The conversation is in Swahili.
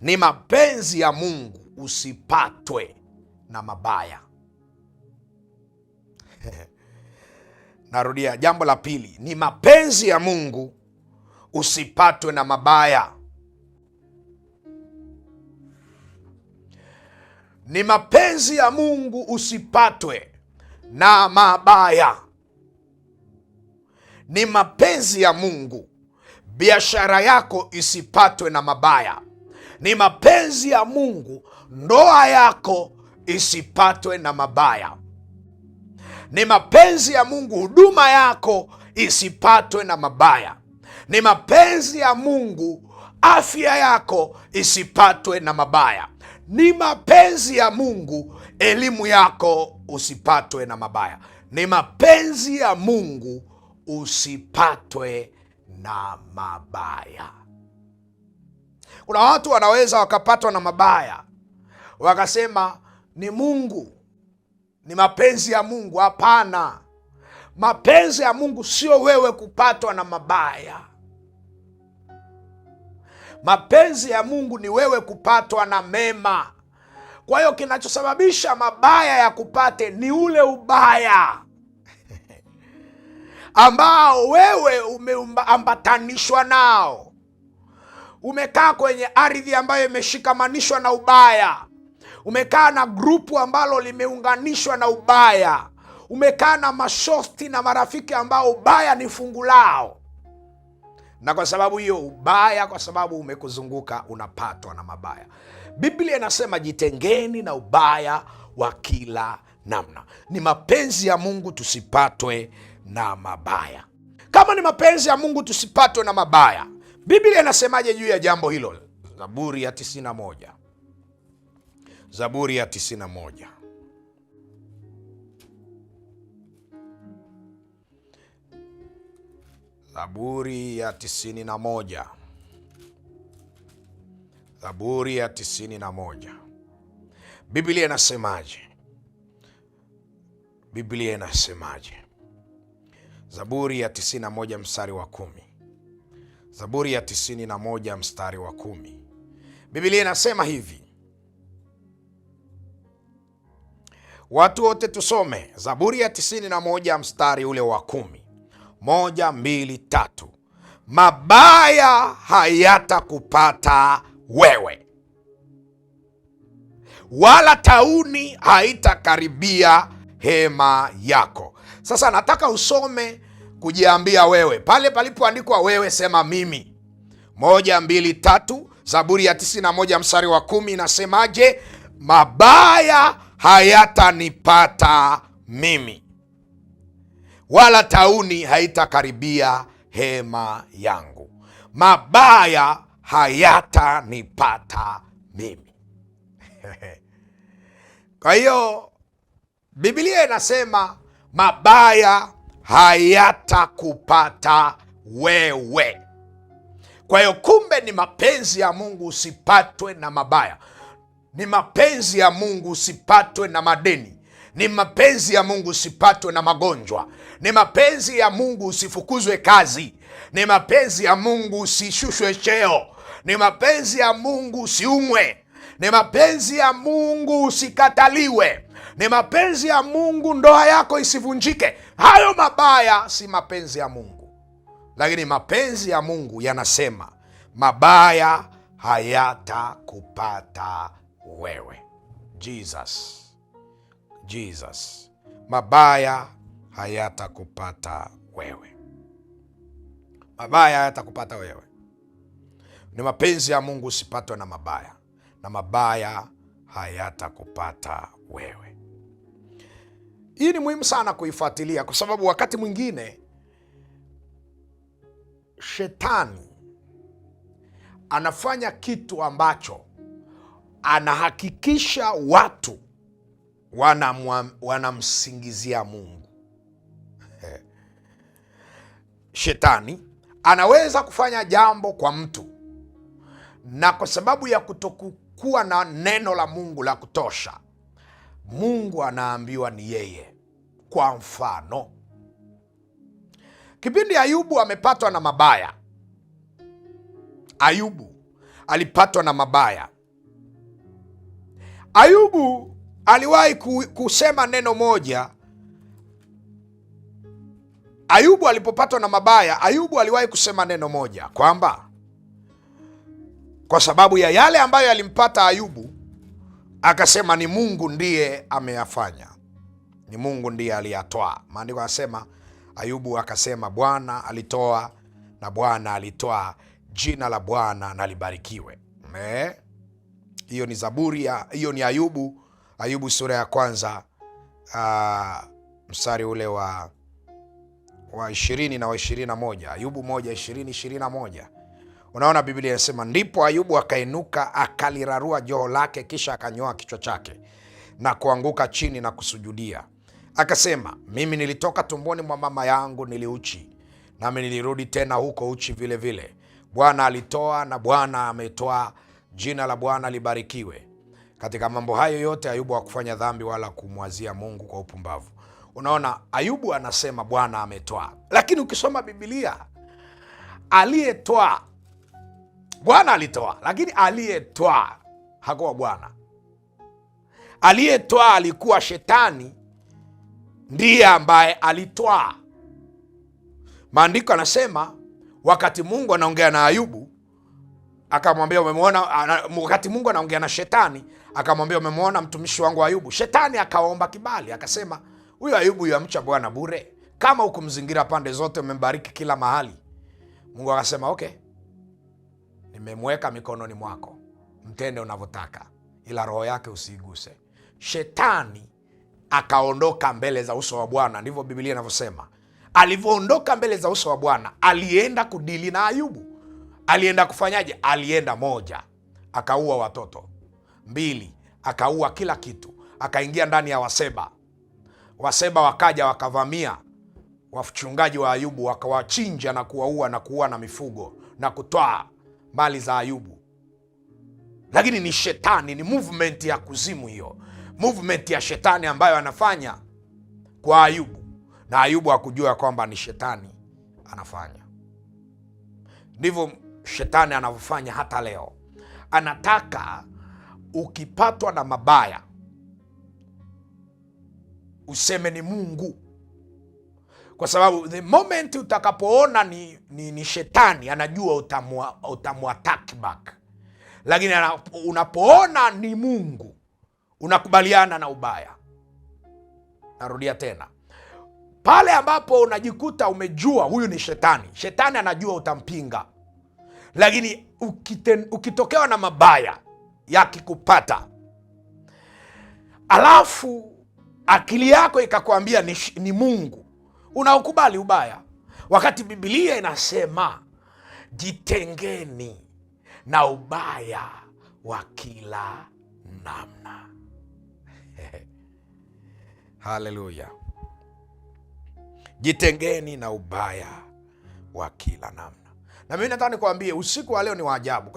Ni mapenzi ya Mungu usipatwe na mabaya. Narudia, jambo la pili, ni mapenzi ya Mungu usipatwe na mabaya. Ni mapenzi ya Mungu usipatwe na mabaya. Ni mapenzi ya Mungu biashara yako isipatwe na mabaya. Ni mapenzi ya Mungu ndoa yako isipatwe na mabaya. Ni mapenzi ya Mungu huduma yako isipatwe na mabaya. Ni mapenzi ya Mungu afya yako isipatwe na mabaya. Ni mapenzi ya Mungu elimu yako usipatwe na mabaya. Ni mapenzi ya Mungu usipatwe na mabaya. Kuna watu wanaweza wakapatwa na mabaya wakasema ni Mungu, ni mapenzi ya Mungu. Hapana, mapenzi ya Mungu sio wewe kupatwa na mabaya. Mapenzi ya Mungu ni wewe kupatwa na mema. Kwa hiyo kinachosababisha mabaya ya kupate ni ule ubaya ambao wewe umeambatanishwa nao. Umekaa kwenye ardhi ambayo imeshikamanishwa na ubaya, umekaa na grupu ambalo limeunganishwa na ubaya, umekaa na mashosti na marafiki ambao ubaya ni fungu lao, na kwa sababu hiyo ubaya, kwa sababu umekuzunguka, unapatwa na mabaya. Biblia inasema jitengeni na ubaya wa kila namna. Ni mapenzi ya Mungu tusipatwe na mabaya. Kama ni mapenzi ya Mungu tusipatwe na mabaya Biblia inasemaje juu ya jambo hilo? Zaburi ya 91, Zaburi ya 91. Zaburi ya 91, Zaburi ya 91, Biblia inasemaje? Biblia inasemaje? Zaburi ya 91 mstari wa kumi. Zaburi ya 91 mstari wa kumi, Biblia inasema hivi. Watu wote tusome Zaburi ya 91 mstari ule wa kumi. Moja, mbili, tatu. Mabaya hayatakupata wewe, wala tauni haitakaribia hema yako. Sasa nataka usome kujiambia wewe, pale palipoandikwa wewe, sema mimi. Moja, mbili, tatu. Zaburi ya tisini na moja mstari wa kumi inasemaje? Mabaya hayatanipata mimi, wala tauni haitakaribia hema yangu. Mabaya hayatanipata mimi. Kwa hiyo Biblia inasema mabaya hayatakupata wewe. Kwa hiyo kumbe, ni mapenzi ya Mungu usipatwe na mabaya, ni mapenzi ya Mungu usipatwe na madeni, ni mapenzi ya Mungu usipatwe na magonjwa, ni mapenzi ya Mungu usifukuzwe kazi, ni mapenzi ya Mungu usishushwe cheo, ni mapenzi ya Mungu usiumwe, ni mapenzi ya Mungu usikataliwe. Ni mapenzi ya Mungu ndoa yako isivunjike. Hayo mabaya si mapenzi ya Mungu, lakini mapenzi ya Mungu yanasema mabaya hayatakupata wewe. Jesus, Jesus, mabaya hayatakupata wewe, mabaya hayatakupata wewe. Ni mapenzi ya Mungu usipatwe na mabaya na mabaya hayatakupata wewe. Hii ni muhimu sana kuifuatilia, kwa sababu wakati mwingine shetani anafanya kitu ambacho anahakikisha watu wanamsingizia wana Mungu. Shetani anaweza kufanya jambo kwa mtu na kwa sababu ya kutoku kuwa na neno la Mungu la kutosha. Mungu anaambiwa ni yeye. Kwa mfano, kipindi Ayubu amepatwa na mabaya, Ayubu alipatwa na mabaya. Ayubu aliwahi kusema neno moja. Ayubu alipopatwa na mabaya, Ayubu aliwahi kusema neno moja kwamba kwa sababu ya yale ambayo yalimpata Ayubu, akasema ni Mungu ndiye ameyafanya, ni Mungu ndiye aliyatoa. Maandiko anasema Ayubu akasema, Bwana alitoa na Bwana alitoa, jina la Bwana nalibarikiwe. Hiyo ni Zaburi ya hiyo ni Ayubu, Ayubu sura ya kwanza aa, ah, mstari ule wa wa ishirini na wa ishirini na moja Ayubu moja ishirini ishirini na moja Unaona, Biblia inasema ndipo Ayubu akainuka akalirarua joho lake, kisha akanyoa kichwa chake na kuanguka chini na kusujudia, akasema, mimi nilitoka tumboni mwa mama yangu niliuchi, nami nilirudi tena huko uchi vile vile. Bwana alitoa na Bwana ametoa, jina la Bwana libarikiwe. Katika mambo hayo yote Ayubu hakufanya dhambi wala kumwazia Mungu kwa upumbavu. Unaona, Ayubu anasema Bwana ametoa, lakini ukisoma Biblia aliyetoa Bwana alitoa, lakini aliyetwaa hakuwa Bwana. Aliyetoa alikuwa Shetani, ndiye ambaye alitwaa. Maandiko anasema wakati Mungu anaongea na Ayubu akamwambia umemwona. Wakati Mungu anaongea na Shetani akamwambia umemwona mtumishi wangu Ayubu. Shetani akaomba kibali, akasema huyo Ayubu yamcha Bwana bure, kama hukumzingira pande zote, umembariki kila mahali. Mungu akasema okay nimemweka mikononi mwako, mtende unavyotaka, ila roho yake usiiguse. Shetani akaondoka mbele za uso wa Bwana, ndivyo Biblia inavyosema. Alivyoondoka mbele za uso wa Bwana, alienda kudili na Ayubu. Alienda kufanyaje? Alienda moja, akaua watoto; mbili, akaua kila kitu, akaingia ndani ya Waseba. Waseba wakaja wakavamia wachungaji wa Ayubu, wakawachinja na kuwaua na kuua na mifugo na kutwaa mali za Ayubu, lakini ni shetani, ni movement ya kuzimu hiyo, movement ya shetani ambayo anafanya kwa Ayubu, na Ayubu hakujua kwamba ni shetani anafanya. Ndivyo shetani anavyofanya hata leo, anataka ukipatwa na mabaya useme ni Mungu kwa sababu the moment utakapoona ni, ni, ni shetani anajua utamwatak back, lakini unapoona ni Mungu unakubaliana na ubaya. Narudia tena, pale ambapo unajikuta umejua huyu ni shetani, shetani anajua utampinga, lakini ukiten, ukitokewa na mabaya yakikupata alafu akili yako ikakwambia ni, ni Mungu unaokubali ubaya, wakati Bibilia inasema jitengeni na ubaya wa kila namna. Haleluya! Jitengeni na ubaya wa kila namna. Na mimi nataka nikuambie usiku wa leo ni wa ajabu.